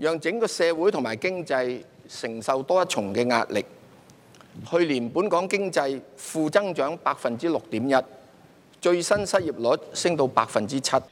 讓整個社會同埋經濟承受多一重嘅壓力。去年本港經濟負增長百分之六點一，最新失業率升到百分之七。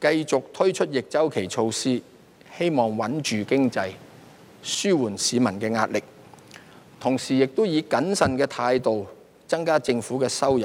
繼續推出逆週期措施，希望穩住經濟，舒緩市民嘅壓力，同時亦都以謹慎嘅態度增加政府嘅收入。